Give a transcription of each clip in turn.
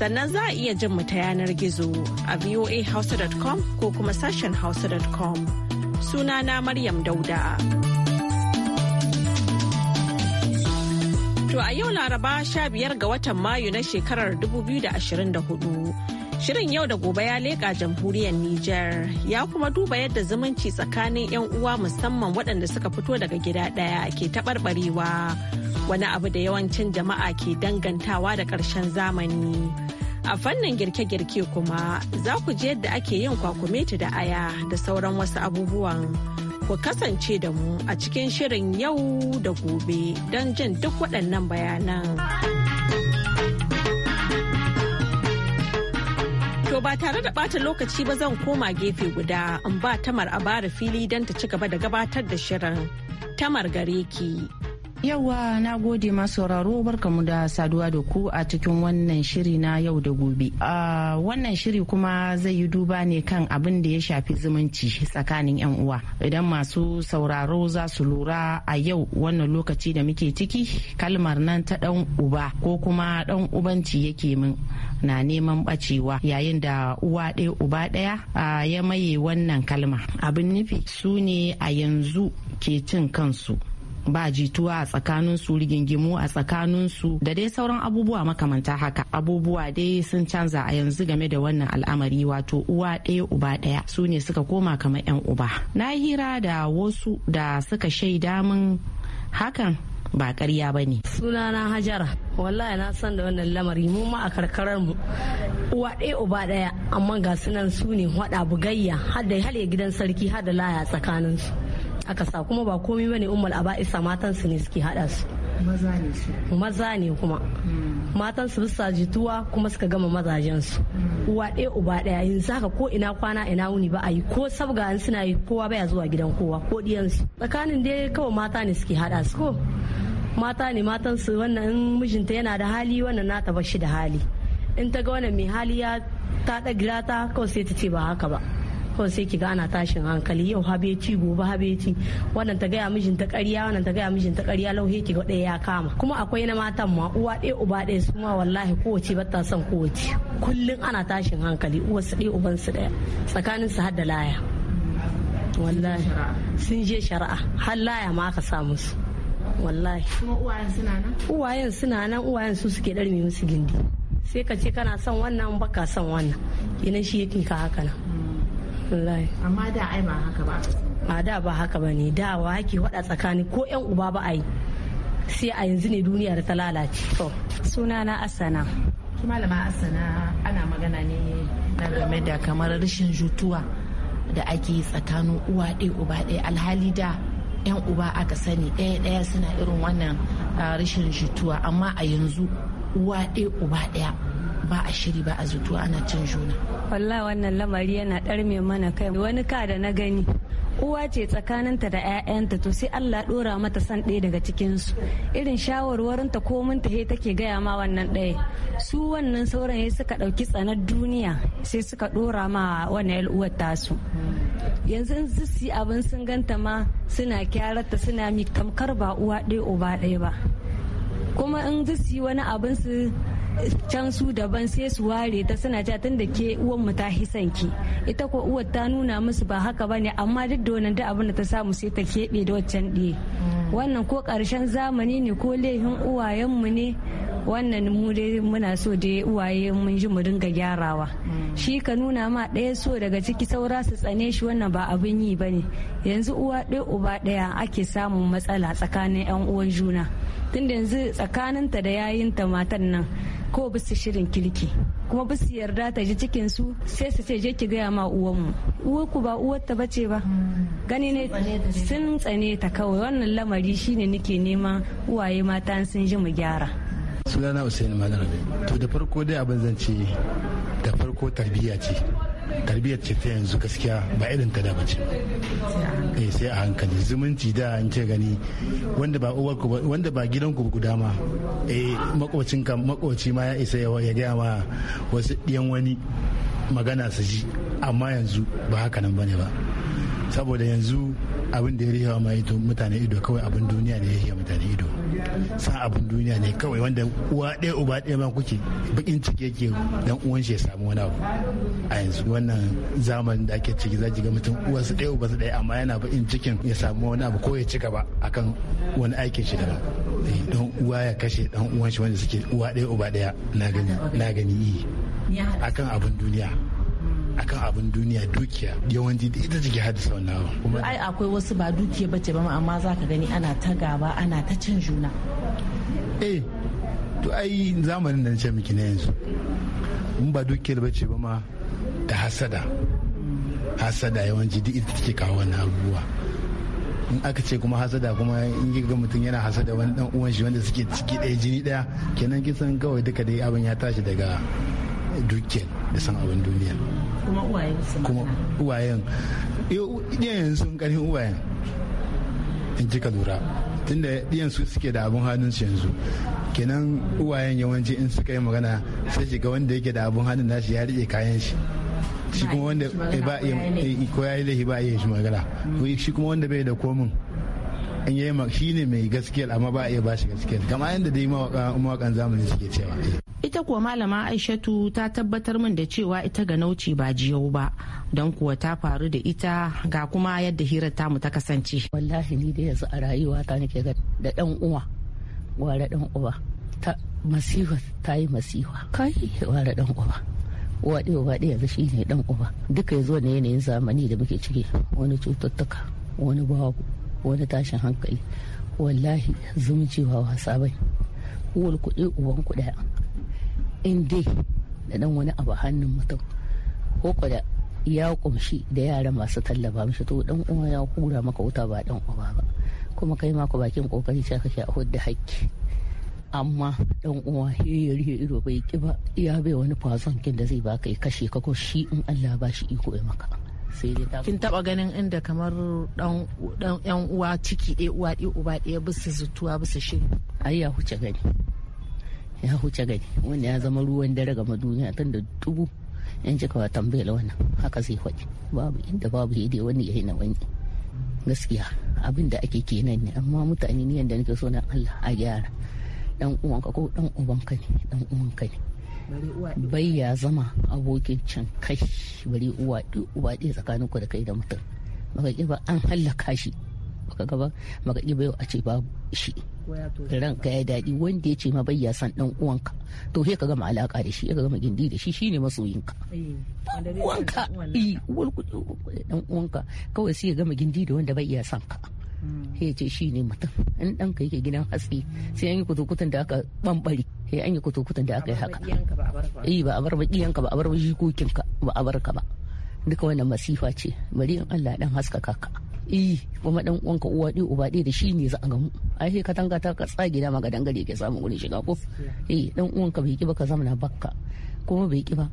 sannan za a iya jin mu ta yanar gizo a voahausa.com ko kuma sashen hausa.com sunana maryam dauda to a yau laraba sha biyar ga watan mayu na shekarar 2024 Shirin yau da gobe ya leƙa jamhuriyar Nijar ya kuma duba yadda zumunci tsakanin 'yan uwa musamman waɗanda suka fito daga gida ɗaya ke taɓarɓarewa wani abu da yawancin jama'a ke dangantawa da ƙarshen zamani. A fannin girke-girke kuma za ku ji yadda ake yin kwakumeti da aya da sauran wasu abubuwan. Ku kasance da mu a cikin shirin yau da gobe don jin duk waɗannan bayanan. To ba tare da ɓata lokaci ba zan koma gefe guda in ba tamar a bara fili don ta ci gaba da gabatar da shirin. Tamar gare ki. Yauwa na gode masu sauraro barkamu da saduwa da ku a cikin wannan shiri na yau da gobe. wannan shiri kuma zai yi duba ne kan abin da ya shafi zumunci tsakanin 'yan uwa. Idan masu sauraro za su lura a yau wannan lokaci da muke ciki kalmar nan ta dan uba ko kuma ɗan ubanci yake min na neman bacewa yayin da uwa ɗaya uba ɗaya ya maye wannan kalma. Abin nufi su ne a yanzu ke cin kansu. ba jituwa a tsakanin su rigingimu a tsakanin su da dai sauran abubuwa makamanta haka abubuwa dai sun canza a yanzu game da wannan al'amari wato uwa ɗaya uba ɗaya su ne suka koma kamar 'yan uba na hira da wasu da suka shaida min hakan ba karya ba ne. Sunana Hajara, wallahi na san da wannan lamari mu ma a karkarar mu uwa ɗaya uba ɗaya amma ga sunan su ne haɗa bugayya har da gidan sarki hada da laya tsakaninsu. akasa kuma ba komai bane ummul aba'isa matan su ne suke hada su maza ne su kuma hmm. matan su bisa jituwa kuma suka gama mazajen su hmm. uwa ɗaya uba ɗaya yanzu haka ko ina kwana ina wuni ba a yi ko sabga an suna yi kowa baya zuwa gidan kowa ko diyan su tsakanin dai kawai mata ne suke hada su ko mata ne matan su wannan mijinta yana da hali wannan nata ba shi da hali in ta ga wannan mai hali ya ta ɗagira ta kawai sai ta ce ba haka ba kawai sai kiga ana tashin hankali yau habeci gobe habeci wannan ta gaya mijin ta ƙarya wannan ta gaya mijin ta ƙarya lauhe ga ɗaya ya kama kuma akwai na matan ma uwa ɗaya uba ɗaya su ma wallahi kowace ba ta son kowace kullum ana tashin hankali uwa su ɗaya uban su ɗaya tsakanin su har da laya wallahi sun je shari'a har laya ma aka samu su wallahi kuma uwayen suna nan uwayen suna nan uwayen su suke ɗarmi musu gindi sai ka ce kana son wannan baka son wannan kenan shi yake ka haka nan wallahi amma da ai ba haka ba a da ba haka ba ne da wa ake wada tsakani ko yan uba ba a yi sai a yanzu ne duniya da ta lalace to suna na asana malama asana ana magana ne na game da kamar rashin jutuwa da ake tsakanin uwa ɗaya uba ɗaya alhali da yan uba aka sani ɗaya ɗaya suna irin wannan ah, rashin jutuwa amma a yanzu uwa ɗaya uba ɗaya ba a shiri ba a zuto ana cin juna wallahi wannan lamari yana ɗarme mana kai wani ka da na gani uwa ce tsakaninta da 'ya'yanta to sai Allah ɗora mata san ɗaya daga cikinsu irin shawarwarinta ko mun ta take gaya ma wannan ɗaya su wannan sauran ya suka ɗauki tsanar duniya sai suka ɗora ma wannan uwar tasu yanzu in su abin sun ganta ma suna kyararta suna mi tamkar ba uwa ɗaya uba ɗaya ba kuma in su wani abin su can su daban sai su ware ta suna ja tun da ke uwan mu ta hisan ki ita ko uwar ta nuna musu ba haka ba ne amma duk da wannan duk abin da ta samu sai ta keɓe da waccan ɗaya mm. wannan ko ƙarshen zamani ne ko laifin uwayen mu ne wannan mu dai muna so da uwaye mun ji mu dinga gyarawa mm. shi ka nuna ma ɗaya so daga ciki saura su tsane shi wannan ba abin yi ba ne yanzu uwa ɗaya uba ɗaya ake samun matsala tsakanin 'yan uwan juna tunda yanzu tsakaninta da yayinta matan nan ko su shirin kirki kuma su yarda ta ji cikin su sai su ce je ki gaya ma uwanmu uwar ku ba uwar ta bace ba gani ne sun tsane ta kawai wannan lamari shine nake nema uwaye mata sun ji mu gyara sunana usaini malam to da farko dai abin zan da farko tarbiyya ce tarbiyyar ce ta yanzu gaskiya ba irin ta da bace ba eh, sai a hankali zumunci da an ce gani wanda ba gidan ku guda ma eh makocin ka makoci ma ya isa ya gaya ma wasu ɗiyan wani magana su ji amma yanzu ba haka nan bane ba saboda yanzu abin da ya rihewa ma mutane ido kawai abin duniya ne ya rihewa mutane ido san abin duniya ne kawai wanda uwa ɗaya uba ɗaya ma kuke bakin ciki yake dan uwan shi ya samu wani abu a yanzu wannan zamanin da ake ciki za ki ga mutum uwa su ɗaya uba su ɗaya amma yana bakin cikin ya samu wani abu ko ya ci gaba akan wani aikin shi daban eh, don uwa ya kashe dan uwan shi wanda suke uwa ɗaya uba ɗaya na gani na gani akan abin duniya akan abin duniya dukiya yawanci ita ce ke haddasa wannan abu kuma ai akwai wasu ba dukiya bace ba amma zaka gani ana ta gaba ana ta cin juna eh to ai zamanin da na ce miki na yanzu in ba dukiyar bace ba ma da hasada hasada yawanci duk ita take kawo wannan abubuwa in aka ce kuma hasada kuma in ga mutum yana hasada wani dan uwan shi wanda suke ciki ɗaya jini ɗaya kenan kisan kawai duka dai abin ya tashi daga dukiyar da san abin duniya kuma uwayen su kuma uwayen sun karfin uwayen in ji ka lura tunda ɗiyan su suke da abun hannun su yanzu kenan uwayen yawanci in suka yi magana sai shiga wanda yake da abun hannun nashi ya rike kayan shi shi kuma wanda eh, ba ya yi ba eh, ya yi shi magana mm. shi kuma wanda bai da komin in yi ma shine mai gaskiyar amma ba a iya bashi gaskiyar kamar yadda dai mawakan zamani suke cewa ita kuwa malama aishatu ta tabbatar min da cewa ita ga nauci ba jiyau ba don kuwa ta faru da ita ga kuma yadda hirar tamu ta kasance wallahi ni da yanzu a rayuwa ta nake ga da dan uwa gwara dan uwa ta masiwa ta yi masiwa kai gwara dan uwa waɗe waɗe yanzu ne dan uwa duka yazo ne yanayin zamani da muke ciki wani cututtuka wani babu wani tashin hankali wallahi zumunci ba wasa bai uwar kuɗi uban kuɗa in dai da dan wani abu hannun mutum ko ya kumshi da yara masu tallaba mishi to dan uwa ya kura maka wuta ba dan uwa ba kuma kai ma ku bakin kokari sai kake a hudda hakki amma dan uwa yayi ido bai ki ba ya bai wani fazon kin da zai baka ya kashe ka ko shi in Allah ba shi iko ya maka sai dai kin taba ganin inda kamar dan uwa ciki ɗaya uwa ɗaya uba ɗaya bisa zutuwa bisa shi ai ya huce gani ya huce gani wanda ya zama ruwan dare ga duniya tun da dubu yan wa tambayar wannan haka sai faɗi babu inda babu ya wani ya yi na wani gaskiya abin da ake kenan ne amma mutane ne yadda nake so na Allah a gyara dan uwanka ko dan ubanka ne dan uwanka ne bai ya zama abokin can kai bari uwa ɗaya tsakanin ku da kai da mutum maka ba an hallaka shi maka gaba maka ba yau a ce babu shi ranka ya daɗi wanda ya ce ma bai ya san ɗan uwanka to sai ka gama alaka da shi ka gama gindi da shi shine masoyinka eh, uwanka ɗan uwanka kawai sai ya gama gindi da wanda bai ya san ka sai ya ce shi ne mutum in dan ka yake gidan haske sai an yi kutukutan da aka bambare sai an yi kutukutan da aka yi haka yi eh, ba a bar bakiyanka ba a bar jikokinka ba a bar ka ba duka wannan masifa ce bari in Allah dan haska ka yi eh, kuma dan uwanka uwa ɗi uba ɗi da shi ne za a gamu ai sai katanga ta ka gida ma ga dangare ke samu wurin shiga ko yi eh, dan uwanka bai ki ba ka zamana bakka kuma bai ki ba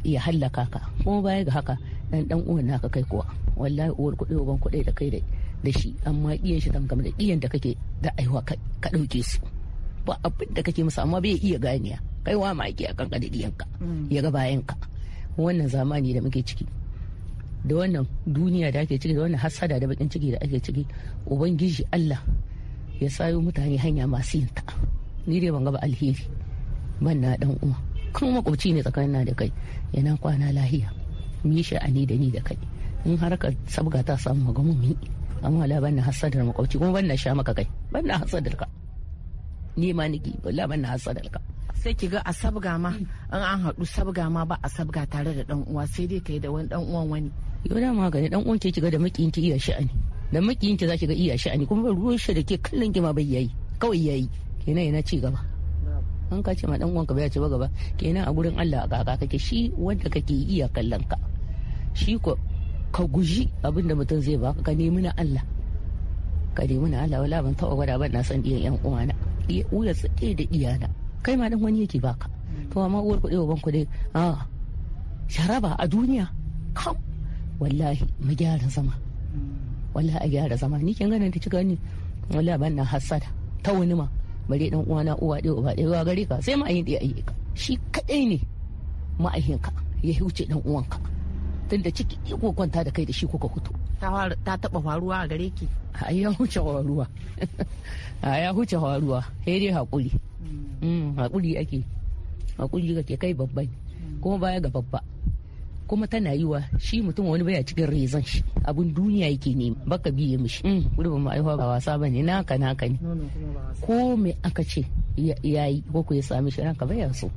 ya hallaka ka kuma baya ga haka dan dan uwan naka kai kuwa wallahi uwar kuɗi uban kuɗi da kai dai da shi amma iyan shi tamkam da iyan da kake da aiwa ka ɗauke su ba abin da kake musu amma bai iya ganiya kai wa ake a ka da iyanka mm. ya ga bayanka wannan zamani da muke ciki da wannan duniya da ake ciki da wannan hasada da bakin ciki da ake ciki ubangiji Allah ya sayo mutane hanya masu yinta ni dai ban ga ba alheri ban na dan uwa kuma makwabci ne tsakanin na da kai yana kwana lahiya mishi a sha'ani da ni da kai in harkar sabga ta samu magamu mu amma wala ban na hasadar makwabci kuma ban na sha maka kai ban na hasadar ka ni ma niki wala ban na hasadar ka sai ki ga a sabga ma an an haɗu sabga ma ba a sabga tare da dan uwa sai dai kai da wani dan uwan wani yau da magani dan uwan ke kiga da makiyin ki iya sha'ani da makiyin ki zaki ga iya sha'ani kuma ba ruwan shi da ke kallon ki ma bai yayi kawai yayi kenan yana ci gaba an ka ce ma dan uwan ka bai ci gaba kenan a gurin Allah a kaka kake shi wanda kake iya kallon ka shi ko ka guji abin da mutum zai baka ka nemi na Allah ka nemi na Allah wala ban taɓa gwada ban na san ɗiyan ƴan uwana iya ula tsaye da iyana kai ma dan wani yake baka to amma uwar kuɗi ban dai a sharaba a duniya kam wallahi mu gyara zama wallahi a gyara zama ni kin ganin ta cika ni wallahi ban na hasada. ta wani ma bare dan uwana uwa ɗaya uba wa gare ka sai ma ayin ayi ka. shi kadai ne ka ya huce dan uwanka da ciki ko kwanta da kai da shi ka hutu ta taba faruwa a gare ki a ya huce faruwa a ya huce faruwa sai dai haƙuri. Mm, haƙuri ake hakuri kake kai babban. kuma baya ga babba kuma tana yi wa shi mutum wani baya cikin rezon shi abin duniya yake ne baka biye mishi mm, mu aihuwa ba wasa ba ne naka naka ne ko me aka ce ya yi ko ku ya sami shi ranka baya so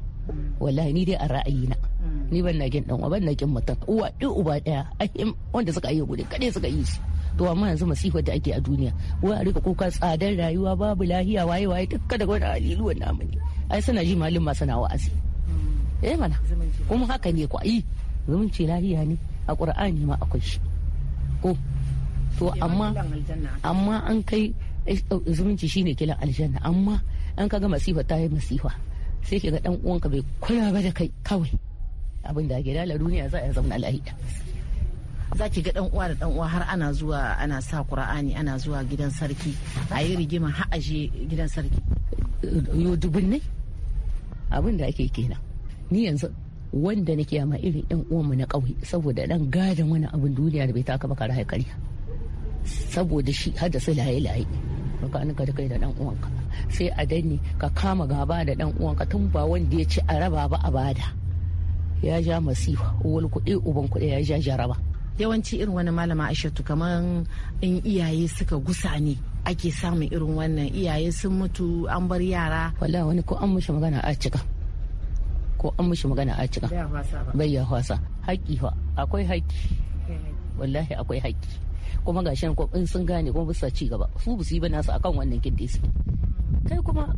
wallahi ni dai a ra'ayina ni ban na kin dan uwa ban na kin mutum uwa ɗi uba ɗaya ai wanda suka yi gudu kaɗai suka yi shi to amma yanzu masifar da ake a duniya wai a rika kuka tsadar rayuwa babu lahiya waye waye duk kada wani haliluwan namu amin. ai suna ji malin ma suna wa'azi hmm. eh mana kuma haka ne ku yi eh, zumunci lahiya ne a qur'ani ma akwai shi ko to amma amma an kai eh, zumunci shine kilan aljanna amma an kaga masifa ta yi masifa sai ke ga dan uwanka bai kula ba da kai kawai abin da ake dala duniya za a zauna lahiya za ki ga dan uwa da dan uwa har ana zuwa ana sa qur'ani ana zuwa gidan sarki a yi rigima har a je gidan sarki yo dubunnai abin da ake kenan ni yanzu wanda nake kiyama irin yan uwanmu na ƙauye saboda dan gadon wani abin duniya da bai taka baka rahai kariya saboda shi har da su laye-laye tsakaninka da kai da dan uwanka sai a danne ka kama gaba da dan uwanka tun ba wanda ya ci a raba ba a bada ya ja masifa wani kuɗi uban kuɗi ya ja jaraba yawanci irin wani malama aishatu kamar in iyaye suka gusa ne ake samun irin wannan iyaye sun mutu an bar yara wala wani ko an mushi magana a cika ko an mushi magana a cika bai ya hwasa Haƙi fa akwai haƙi. wallahi akwai haƙi kuma gashi ko in sun gane kuma bisa ci gaba su bu su yi ba nasu akan wannan kidde su kai kuma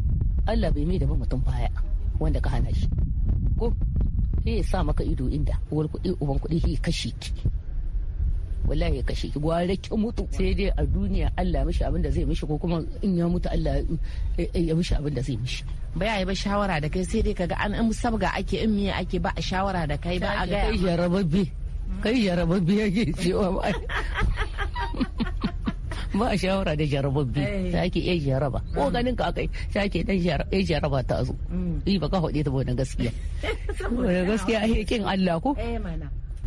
Allah bai mai da ba mutum baya wanda ka hana shi ko sai ya sa maka ido inda uwar kuɗi uban kuɗi ya kashe ki wallahi ya kashe ki gware ki mutu sai dai a duniya Allah ya mishi abin da zai mishi ko kuma in ya mutu Allah ya mishi abin da zai mishi ba ya yi ba shawara da kai sai dai kaga an an sabga ake in miye ake ba a shawara da kai ba a ga kai yarababbe kai yarababbe yake cewa ba ba a shawara da jarababbi ta eh. ake iya jaraba ko mm. ganin ka akai ta ake dan jaraba ta zo yi mm. baka haɗe ta bane gaskiya saboda gaskiya ai kin Allah ko eh,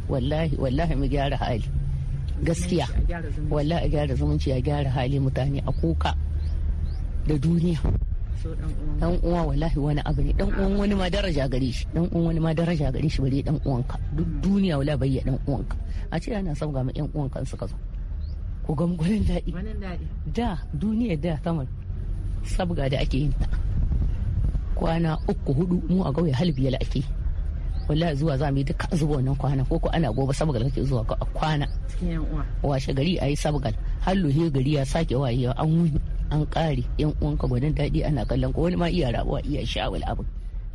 wallahi wallahi mu gyara hali gaskiya wallahi a gyara zumunci a gyara hali mutane a kuka da duniya dan uwa wallahi wani abu ne dan uwan wani ma daraja gare shi dan uwan wani ma daraja gare shi bare dan uwanka duk duniya wala bayya dan uwanka a ce ana son ga ma yan uwanka suka zo ugan daɗi da duniya da kama sabga da ake yin ta kwana uku hudu mu a gauye halbiyal ake wallahi zuwa za mu yi duka zuba wannan kwana ko ko ana gobe sabgal kake zuwa ka kwana washe gari ayi sabgal har he gari ya sake wayewa an wuni an kare yan uwanka gwanin daɗi ana kallon ko wani ma iya rabuwa iya sha'awar abin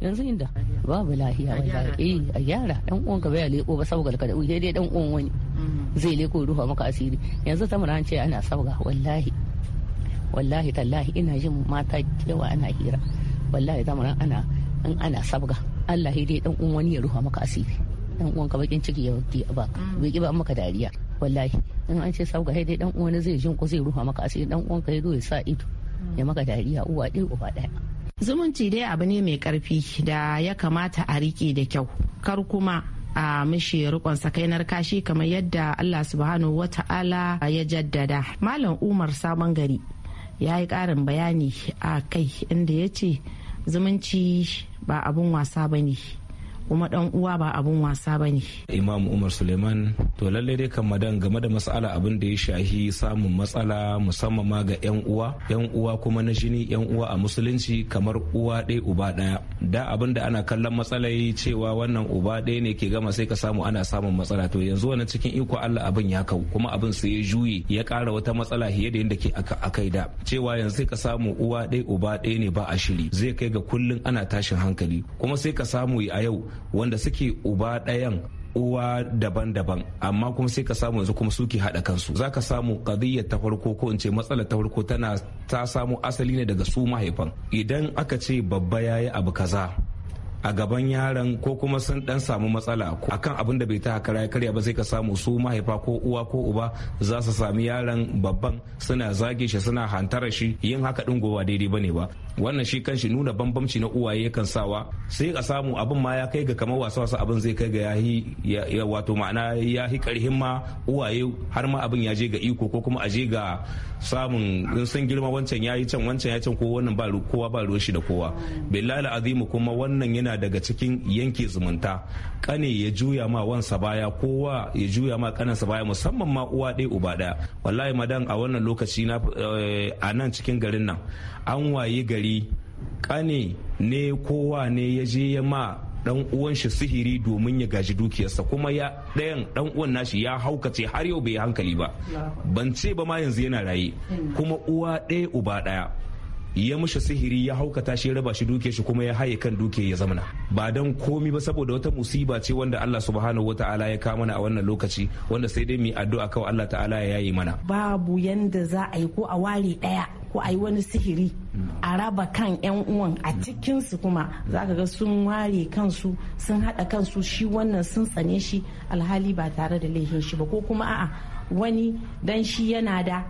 yanzu inda babu lahiya wallahi eh a gyara dan uwan ka bai leko ba sabgar ka da uwa dai dan uwan wani mm. zai leko ruwa maka asiri yanzu ta an ce ana sabga wallahi wallahi tallahi ina jin mata yawa ana hira wallahi mura ana in ana sabga Allah dai dan uwan wani ya ruwa maka asiri dan uwan ka bakin ciki ya baka mm. bai ba maka dariya wallahi in an ce sabga dai dan uwan zai jin ko zai ruwa maka asiri dan uwan ka ya zo ya sa ido mm. ya maka dariya uwa ɗaya uwa ɗaya zumunci dai abu ne mai karfi da ya kamata a riƙe da kyau kar kuma a mishi rikon sakainar kashi kamar yadda allah subhanahu ta'ala ya jaddada malam umar sabon gari ya yi ƙarin bayani a kai inda ya ce zumunci ba abun wasa ba ne kuma dan uwa ba abun wasa ba ne. Imam Umar Suleiman to lallai dai kan madan game da matsala abin da ya shahi samun matsala musamman ma ga yan uwa yan uwa kuma na jini yan uwa a musulunci kamar uwa ɗaya uba ɗaya da abin da ana kallon matsalai cewa wannan uba ɗaya ne ke gama sai ka samu ana samun matsala to yanzu wannan cikin iko Allah abin ya kau kuma abin sai ya juye ya kara wata matsala fiye da yadda ke akai da cewa yanzu sai ka samu uwa ɗaya uba ɗaya ne ba a shiri zai kai ga kullun ana tashin hankali kuma sai ka samu a yau wanda suke uba ɗayan uwa daban-daban amma kuma sai ka samu yanzu kuma suke haɗa kansu za ka samu kadiyyar ta farko ko in ce matsalar ta farko tana ta samu asali ne daga su mahaifan idan aka ce babba ya yi abu kaza a gaban yaran ko kuma sun dan samu matsala akan abin da bai ta hakara ya karya ba sai ka samu su mahaifa ko uwa ko uba za su sami yaran babban suna zage shi suna hantara shi yin haka din gowa daidai ne ba wannan shi kanshi nuna bambamci na uwaye kan sawa sai ka samu abin ma ya kai ga kamar wasa wasa abin zai kai ga yahi wato ma'ana yahi karhin ma uwaye har ma abin ya je ga iko ko kuma a je ga samun in sun girma wancan ya yi can wancan ya can ko wannan ba kowa ba ruwan shi da kowa billahi azimu kuma wannan yana daga cikin yanke zumunta kane ya juya ma wansa baya kowa ya juya ma kanansa baya musamman ma uwa ɗaya uba daya wallahi madan a wannan lokaci na eh, a nan cikin garin nan an waye gari gari kane ne kowa ne ya je ya ma dan uwan shi sihiri domin ya gaji dukiyarsa kuma ya ɗayan dan uwan nashi ya haukace har yau bai hankali ba ban ce ba ma yanzu yana raye kuma uwa ɗaya uba ɗaya ya mushi sihiri ya haukata shi raba shi duke shi kuma ya haye kan duke ya zamana ba dan komi ba saboda wata musiba ce wanda Allah subhanahu wataala ya kama mana a wannan lokaci wanda sai dai mu addu'a kawai Allah ta'ala ya yayi mana babu yanda za a yi ko a ware daya ko a yi wani sihiri a raba kan 'yan uwan a cikinsu kuma zaka ga sun ware kansu sun hada kansu shi wannan sun tsane shi alhali ba tare da laifin shi ba ko kuma a'a wani dan shi yana da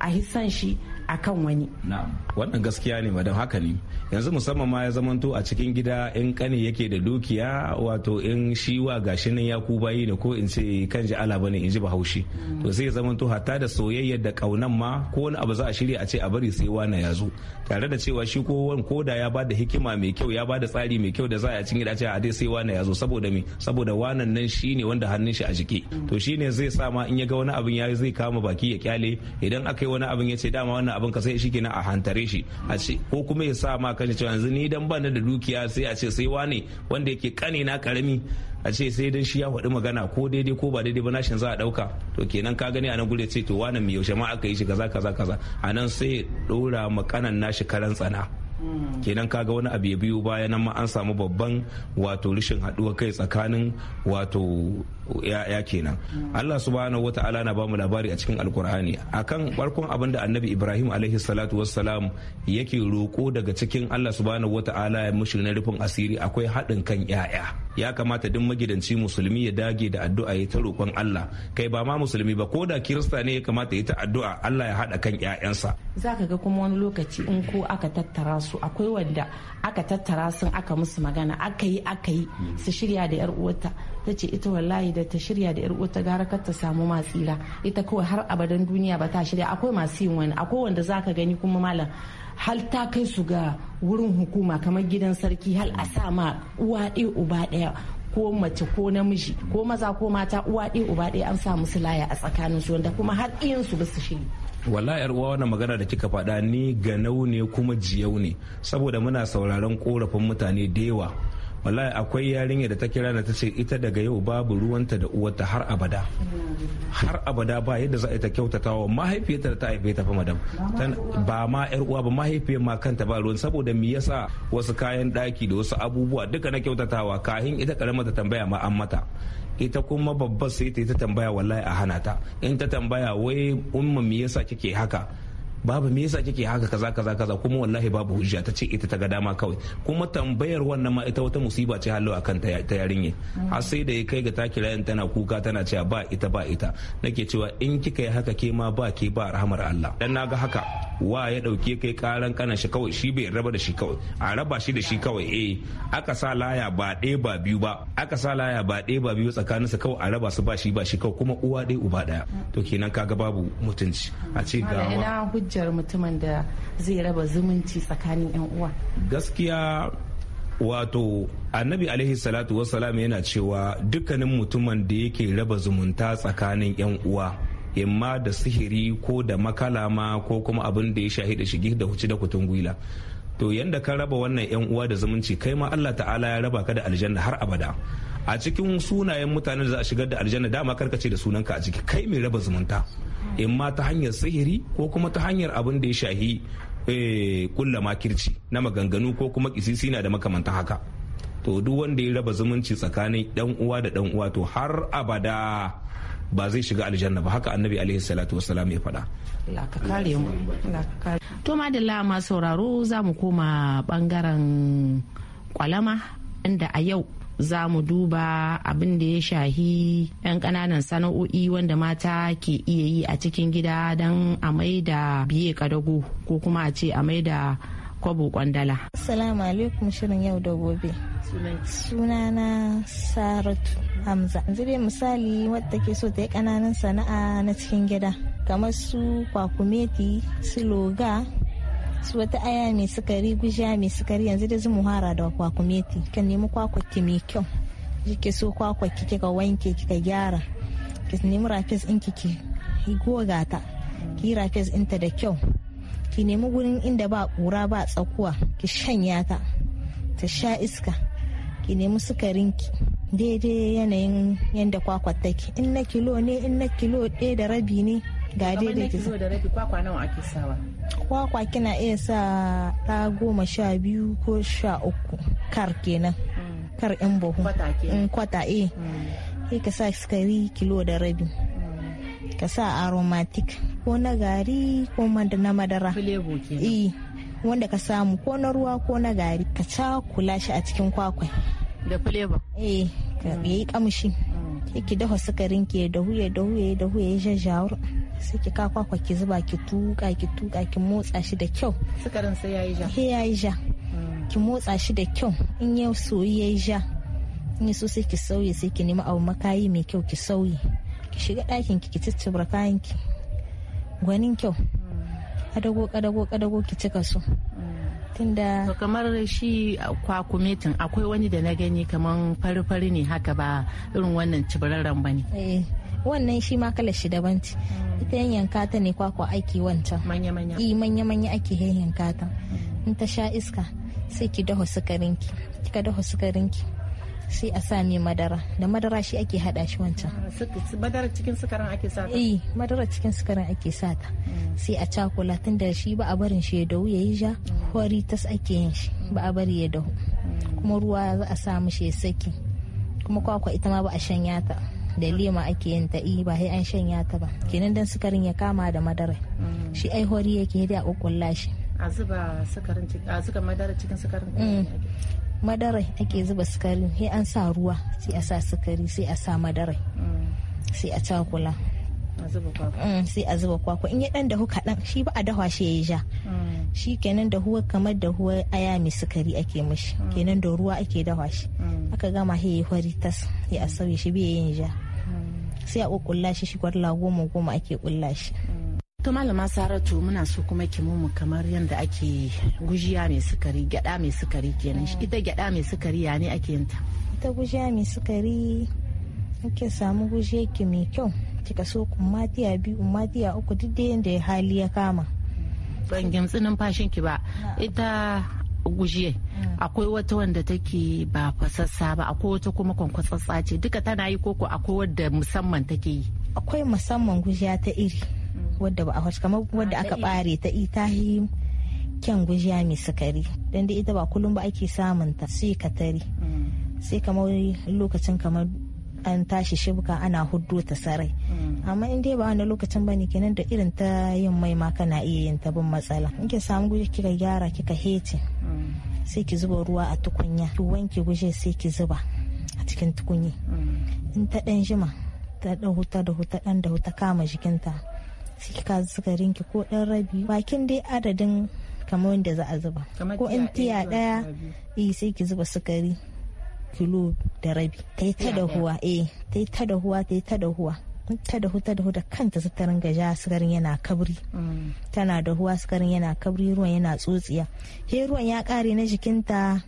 a hisan shi kan wani wannan gaskiya ne madan haka ne yanzu musamman ma ya zamanto a cikin gida in kane yake da dukiya wato in shi wa gashi nan ya ku bayi ne ko in ce kan ji ala bane in ji bahaushe to sai ya zamanto hatta da soyayya da kaunan ma ko wani abu za a shirya a ce a bari sai wani ya zo tare da cewa shi ko ko da ya da hikima mai kyau ya bada tsari mai kyau da za a cikin gida ce a dai sai wani ya zo saboda me saboda wannan nan ne wanda hannun shi a jike to ne zai sa ma in ya ga wani abin ya zai kama baki ya kyale idan aka yi wani abin ya ce dama wannan abin ka sai shi a hantare shi a ce ko kuma ya sa ma kashe cewa yanzu ni dan na da dukiya sai a ce sai wane wanda yake kane na karami a ce sai dan shi ya faɗi magana ko daidai ko ba daidai ba nashin za a ɗauka to kenan ka gani a nan gure ce to wannan mai yaushe ma aka yi shi kaza kaza kaza a nan sai ɗora ma kanan nashi karan tsana kenan kaga wani abu ya biyu baya nan ma an samu babban wato rishin haɗuwa kai tsakanin wato ya kenan Allah subhanahu wata'ala na bamu labari a cikin alkur'ani akan barkon abin da annabi Ibrahim alaihi salatu wassalam yake roko daga cikin Allah subhanahu wata'ala ya mushi na rufin asiri akwai haɗin kan 'ya'ya ya kamata duk magidanci musulmi ya dage da addu'a ya ta roƙon Allah kai ba ma musulmi ba ko da kirista ne ya kamata ya ta addu'a Allah ya haɗa kan za ka ga kuma wani lokaci in ko aka tattara su akwai wanda aka tattara sun aka musu magana aka yi aka yi su shirya da yar uwarta ta ce ita wallahi da ta shirya da yar uwarta gara kar ta samu matsira ita kawai har abadan duniya ba ta shirya akwai masu yin wani akwai wanda zaka gani kuma malam hal ta kai su ga wurin hukuma kamar gidan sarki hal a sa ma uwa ɗaya uba ɗaya ko mace ko namiji ko maza ko mata uwa ɗaya uba ɗaya an sa musu laya a tsakanin su wanda kuma har iyansu ba su shiri wala yar uwa wannan magana da kika faɗa ni ganau ne kuma jiyau ne saboda muna sauraron korafin mutane da yawa wallahi akwai yarinya da ta kira na ta ce ita daga yau babu ruwanta da uwarta har abada har abada ba yadda za a ta kyautata wa mahaifiyarta da ta haife ta fa madam ba ma yar uwa ba mahaifiyar ma kanta ba ruwan saboda me yasa wasu kayan daki da wasu abubuwa duka na kyautatawa kahin ita karamar ta tambaya ma an mata ita kuma babbar sai ta tambaya wallahi a hana ta in ta tambaya wai umma me yasa kike haka babu me yasa kike haka kaza kaza kaza kuma wallahi babu hujja ta ce ita ta ga dama kawai kuma tambayar wannan ma ita wata musiba ce hallo akan ta yarinye har sai da ya kai ga taki rayan tana kuka tana cewa ba ita ba ita nake cewa in kika yi haka ke ma ba ke ba rahmar Allah dan naga haka wa ya dauke kai karan kana shi kawai shi bai raba da shi kawai a raba shi da shi kawai eh aka sa laya ba ɗaya ba biyu ba aka sa laya ba ɗaya ba biyu tsakanin su kawai a raba su ba shi ba shi kawai kuma uwa ɗaya uba ɗaya to kenan kaga babu mutunci a ce ga hujjar mutumin da zai raba zumunci tsakanin 'yan uwa gaskiya wato annabi alaihi salatu wasalam yana cewa dukkanin mutumin da yake raba zumunta tsakanin 'yan uwa imma da sihiri ko da makalama ko kuma abin da ya shahi da shigi da huci da kutun gwila to yanda ka raba wannan 'yan uwa da zumunci kai ma allah ta'ala ya raba ka da aljanna har abada a cikin sunayen mutanen da za a shigar da aljanna dama karkace da sunanka a ciki kai mai raba zumunta in ma ta hanyar sihiri ko kuma ta hanyar abin da ya shahi eh, kulla makirci na maganganu ko kuma kisisi na da makamanta haka to duk wanda ya raba zumunci tsakanin dan uwa da dan uwa to har abada ba zai shiga aljanna ba haka annabi alaihi salatu wasalam ya faɗa. to madalla ma sauraro za mu koma bangaren kwalama inda a yau za mu duba abin da ya shahi 'yan kananan sana'o'i wanda mata ke iya yi a cikin gida don a mai da biye kadago ko kuma a ce a mai da kwabo kwandala. Assalamu alaikum shirin yau da gobe. Sunana Saratu Hamza. Yanzu dai misali wadda ke so ta yi kananan sana'a na cikin gida. Kamar su kwakumeti, su loga, su wata aya mai sukari gujiya mai sukari yanzu da zumu hara da kwakumeti kan nemi ki mai kyau kike so ki kika wanke kika gyara ki nemi rafes in kike ki goga ta ki rafes inta da kyau ki nemi gurin inda ba kura ba tsakuwa ki shanya ta ta sha iska ki nemi ki daidai yanayin yadda kwakwar take in na kilo ne in na kilo ɗaya da rabi ne ga daidai kilo da rabi kwakwa nawa ake sawa kwakwa kina iya sa ta goma sha biyu ko sha uku kar kenan mm. kar yan buhu kwata e sai ka sa sukari kilo da rabi ka sa aromatic ko na gari ko na madara eh, wanda ka samu ko na ruwa ko na gari ka cakula shi a cikin kwakwai da flavor eh ka yi kamshi ki dafa sukarin ke da huye da huye da huye ya jajawar sai ki kawo kwakwa ki zuba ki tuka ki tuka ki motsa shi da kyau sukarin sai yayi ja he yayi ja mm. ki motsa shi da kyau in ya soyi yayi ja in so sai ki sauye sai ki nemi abu makayi mai kyau ki sauye ki shiga ɗakin ki ki ciccibra kayan ki gwanin kyau kadago mm. kadago kadago ki cika su mm. tunda so, kamar shi kwakumetin akwai wani da na gani kamar fari-fari ne haka ba irin wannan cibirarren ba ne eh, wannan shi ma kalar shi daban ce ita yanka ta ne kwakwa aiki wancan manya-manya i eh, manya-manya ake yanyanka ta in ta sha iska sai ki daho ki. kika daho ki. sai a sa ne madara da madara shi ake hada shi wancan ah, madara cikin sukarin ake sa ta eh madara cikin sukarin ake sa ta sai a cakula tun da shi ba a barin shi ya dahu yayi ja hori tas ake yin shi ba a bari ya dahu kuma ruwa za a sa mishi ya saki kuma kwakwa ita ma ba a shanya ta da lima ake yin ta yi eh, ba sai an shanya ta ba kenan dan sukarin ya kama da madara mm. shi ai hori yake da kokulla shi a zuba sukarin a zuba madara cikin sukarin mm. madara ake zuba sukari sai an sa ruwa sai a sa sukari sai a sa madara mm. sai a cakula Mm, sai a zuba kwakwa in ya dan dahu kaɗan shi ba a dahwa shi ya yi ja mm. shi kenan dahuwa kamar dahuwa aya mai sukari ake mashi mm. kenan da ruwa ake dahwa shi aka gama shi ya hori tas ya a sauya shi bai yin ja sai a kulla shi shi kwarla goma goma ake kulla shi to malama saratu muna so kuma ki mu kamar yadda ake gujiya mai sukari gyada mai sukari kenan ita gyada mai sukari ya ne ake yin ta ita gujiya mai sukari ake samu gujiya ki mai kyau kika so kuma tiya biyu kuma tiya uku duk da yadda hali ya kama ban gamsu numfashin ki ba ita gujiye mm. akwai wata wanda take ba fasassa ba akwai wata kuma kwankwasassa ce duka tana yi koko akwai wadda musamman take yi akwai musamman gujiya ta iri mm. wadda ba a kamar wadda aka bare ta ita yi kyan gujiya mai sukari don da ita ba kullum ba ake samun ta sai ka tare mm. sai kamar lokacin kamar an tashi shibka ana huddo ta sarai amma in dai ba wani lokacin bane kenan da irin ta yin mai ma kana iya yin ta bin matsala in ki samu guje kika gyara kika hece sai ki zuba ruwa a tukunya ki wanke guje sai ki zuba a cikin tukunyi in ta dan jima ta da huta da huta dan da huta kama jikinta sai kika sukarin ki ko dan rabi bakin dai adadin kamar wanda za a zuba ko in tiya daya eh, sai ki zuba sukari kilo da rabi ta yi ta huwa. eh ta yi ta huwa ta yi ta huwa ta dahu ta dahu da kanta su ta ringa ja sigarin yana kabri mm. tana dahuwa sigarin yana kabri ruwan yana tsotsiya he ruwan ya kare na jikinta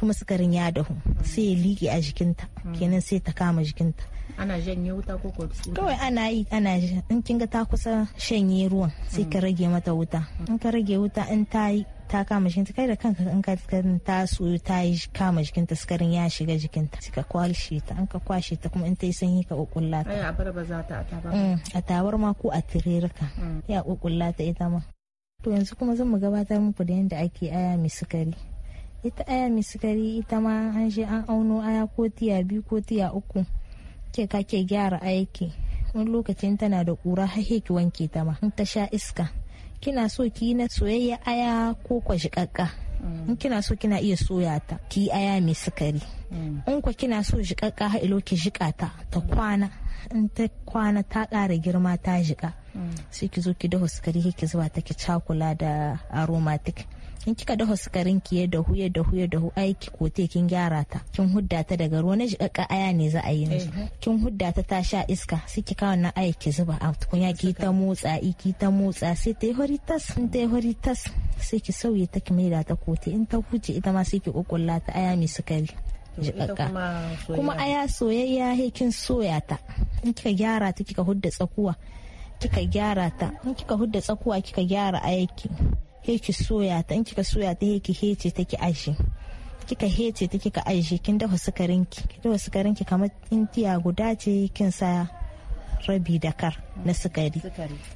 kuma sukarin ya dahu sai ya liƙe a jikinta kenan sai ta kama jikinta ana janye wuta ko ko kawai ana yi ana in kin ga ta kusa shanye ruwan sai ka rage mata wuta in ka rage wuta in ta yi ta kama jikinta kai da kanka in ka ta soyu ta yi kama jikinta sukarin ya shiga jikinta ka kwashe ta an ka kwashe ta kuma in ta yi sanyi ka kokulla ta a barba za mm, ta a tabar ma ko a tirerka mm. ya kokulla ta ita ma to yanzu kuma zan mu gabatar muku da yadda ake aya mai sukari ita aya eh, mai sukari ita ma an je an auno aya ko tiya biyu ko tiya uku ke kake gyara aiki wani lokacin tana da kura har ki wanke ta ma in ta sha iska kina so ki na soyayya aya ko kwashikakka mm. in kina so kina iya soya ta ki aya mai sukari mm. in kwa kina so jikakka har ilo ki jika ta ta kwana in ta kwana ta ƙara girma ta jika mm. sai ki zo ki dafa sukari ki zuwa ta ki cakula da aromatic in kika da sukarin ki ya dahu ya dahu ya dahu aiki ko kote kin gyara ta kin hudda ta daga ruwa na jikakka aya ne za a yi ne eh, eh. kin hudda ta ta sha iska sai ki kawo na aiki zuba a tukunya ki ta motsa ki ta motsa sai ta yi hori tas in ta yi hori tas sai ki sauye ta ki maida ta kote in ta huce ita ma sai ki kokulla ta aya mai sukari jikakka kuma aya soyayya he kin soya ta in kika gyara ta kika hudda tsakuwa kika gyara ta in kika hudda tsakuwa kika gyara aiki. heci soya ta in kika soya ta heki heci ta ki aji kika heci ta kika aji kin dafa sukarin ki kin dafa sukarin ki kamar in tiya guda ce kin sa rabi da kar na sukari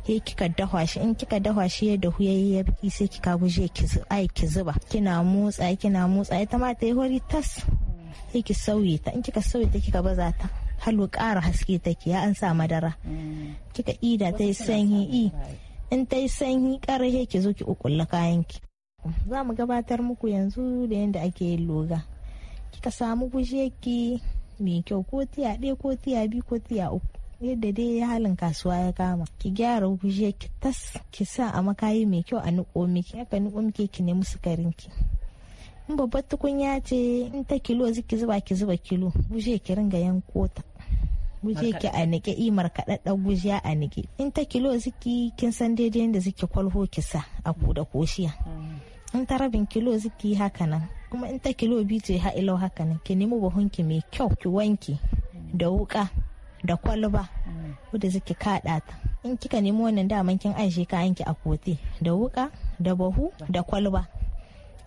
he kika dafa shi in kika dafa shi ya dahu yayi ya biki sai kika guje ki ai ki zuba kina motsa kina motsa ita ma ta yi hori tas he ki sauye ta in kika sauye ta kika baza ta halu ƙara haske take ya an sa madara mm. kika ida ta yi sanyi i in ta yi sanyi ƙarhe ki zo ki ukulla kayan ki za mu gabatar muku yanzu da yadda ake yin loga kika samu ki mai kyau ko tiya ɗaya ko tiya biyu ko tiya uku yadda dai halin kasuwa ya kama ki gyara guje ki tas ki sa a makayi mai kyau a niƙo miki aka niƙo miki ki nemi sukarin ki in babbar tukunya ce in ta kilo ziki zuba ki zuba kilo guje ki ringa yanko ta guje ki a nike imar kaɗaɗɗen gujiya a nike in ta kilo ziki kin san daidai yadda ziki kwalho ki sa a kuda koshiya in ta rabin kilo ziki haka nan kuma in ta kilo biyu ce ha ilau haka nan ki nemi ki mai kyau ki wanki da wuka da kwalba wadda ziki kaɗa ta in kika nemi wannan daman kin aje yanki a kote da wuka da bahu da kwalba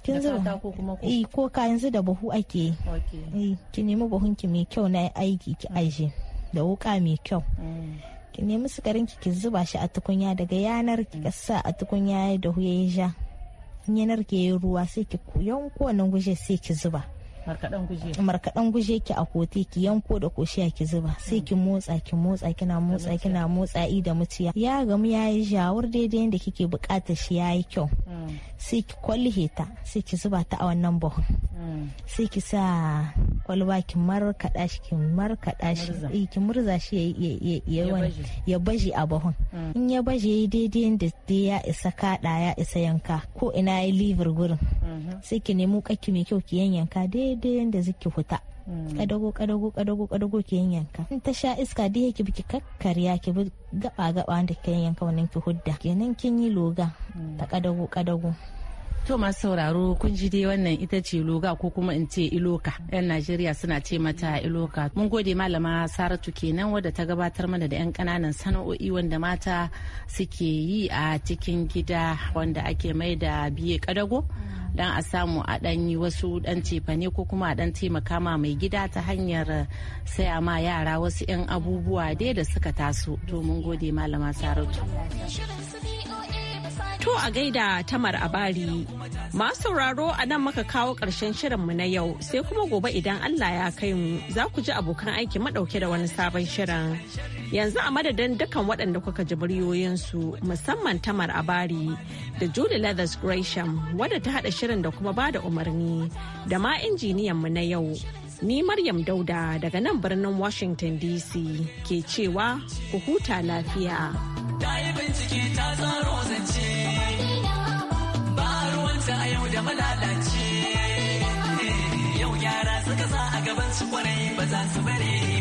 kin zo ko eh, ka yanzu da buhu ake yi eh, ki nemi buhunki mai kyau na aiki ki aje da wuka mai kyau mm. ki nemi sigarin ki ki zuba shi a tukunya daga yanar ki sa a tukunya da huye ja yanar ki yi ruwa sai ki yanko wannan guje sai ki zuba markaɗan guje markaɗan guje ki a kote ki yanko da koshiya ki zuba sai ki motsa ki motsa kina motsa kina motsa i da muciya ya gamu ya yi jawur daidai yadda kike bukata shi ya yi kyau mm. sai ki kwalhe ta sai ki zuba ta a wannan bahon mm. sai ki sa kwalba ki markaɗa shi ki markaɗa shi eh, ki murza shi ya baje a bahon mm. in ya baje ya daidai yadda ya isa kaɗa ya isa yanka ko ina ya livir gurin mm-hmm. sai ki nemo kakki mai kyau ki yanyanka daidai daidai yadda zaki huta hmm. kadago kadago kadago kadago yin yanka in ta sha iska da yake biki kakkarya ki bi gaba gaba wanda ki yanka wannan ki hudda kenan kin yi loga hmm. ta kadago kadago To masu sauraro kun ji dai wannan ita ce loga ko kuma in ce iloka. 'Yan Najeriya suna ce mata iloka. Mun gode malama Saratu kenan wadda ta gabatar mana da 'yan kananan sana'o'i wanda mata suke yi a cikin gida wanda ake mai da biye kadago. Hmm. Idan a samu a dan yi wasu dan cefane ko kuma a dan taimaka ma mai gida ta hanyar eh, saya ma yara wasu 'yan abubuwa dai da suka taso domin gode malama saratu To a gaida tamar abari. Masu sauraro a nan maka kawo ƙarshen shirinmu na yau sai kuma gobe idan Allah ya kai mu za ku ji abokan aiki maɗauke da wani sabon shirin. Yanzu a madadin dukkan waɗanda kuka ji muryoyinsu musamman tamar abari da Julie Leathers Gresham wadda ta haɗa shirin da kuma ba da umarni da ma injiniyanmu na yau. Ni Maryam Dauda daga nan birnin Washington DC ke cewa ku huta lafiya. Ta yi bincike ta tsaro zance, ba ruwanta a yau da malalace. Yau yara suka sa a gaban su kwarai ba za su bare.